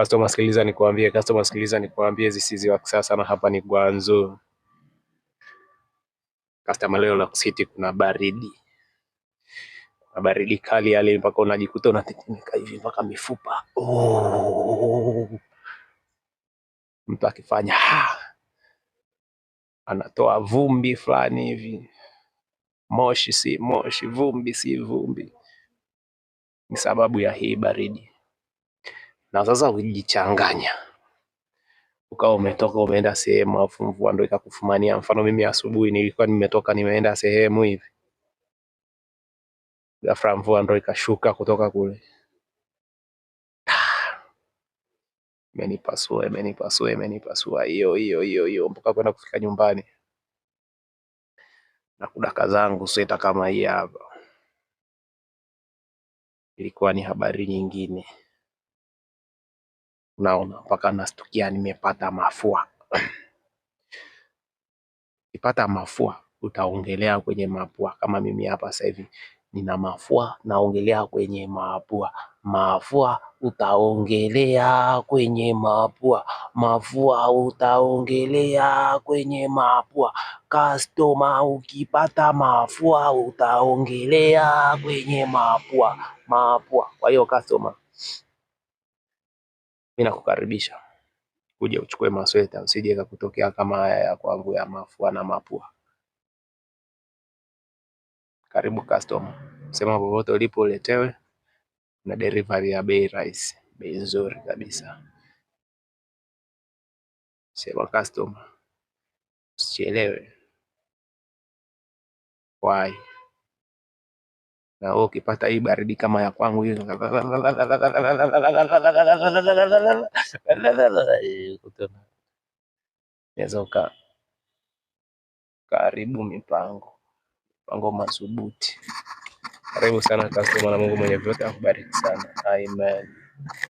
Customer sikiliza nikuambie, customer sikiliza nikuambie, this is work sasa hapa ni Gwanzu. Customer, leo Lock City kuna baridi, kuna baridi kali yale mpaka unajikuta unatetemeka hivi mpaka mifupa oh. Mtu akifanya anatoa vumbi fulani hivi, moshi si moshi, vumbi si vumbi, ni sababu ya hii baridi na sasa ukijichanganya ukawa umetoka umeenda sehemu afu mvua ndo ikakufumania. Mfano mimi asubuhi nilikuwa nimetoka nimeenda sehemu hivi, ghafla mvua ndo ikashuka kutoka kule, imenipasua imenipasua imenipasua, hiyo hiyo hiyo hiyo mpaka kwenda kufika nyumbani na kudaka zangu sweta kama hii hapa. Ilikuwa ni habari nyingine. Unaona, mpaka nastukia nimepata mafua ukipata mafua utaongelea kwenye mapua. Kama mimi hapa sasa hivi nina mafua, naongelea kwenye mapua. Mafua utaongelea kwenye mapua, mafua utaongelea kwenye mapua. kastoma ukipata mafua utaongelea kwenye mapua, mapua. Kwa hiyo kastoma mimi nakukaribisha uje uchukue masweta, usije kakutokea kama haya ya kwangu ya mafua na mapua. Karibu customer, sema popote ulipo uletewe na delivery ya bei rahisi, bei nzuri kabisa. Sema customer, usichelewe. Wai na wewe oh, ukipata hii baridi kama ya kwangu hiyo nezoka karibu mipango mipango madhubuti. Karibu sana customer, na Mungu mwenye vyote akubariki sana. Amen.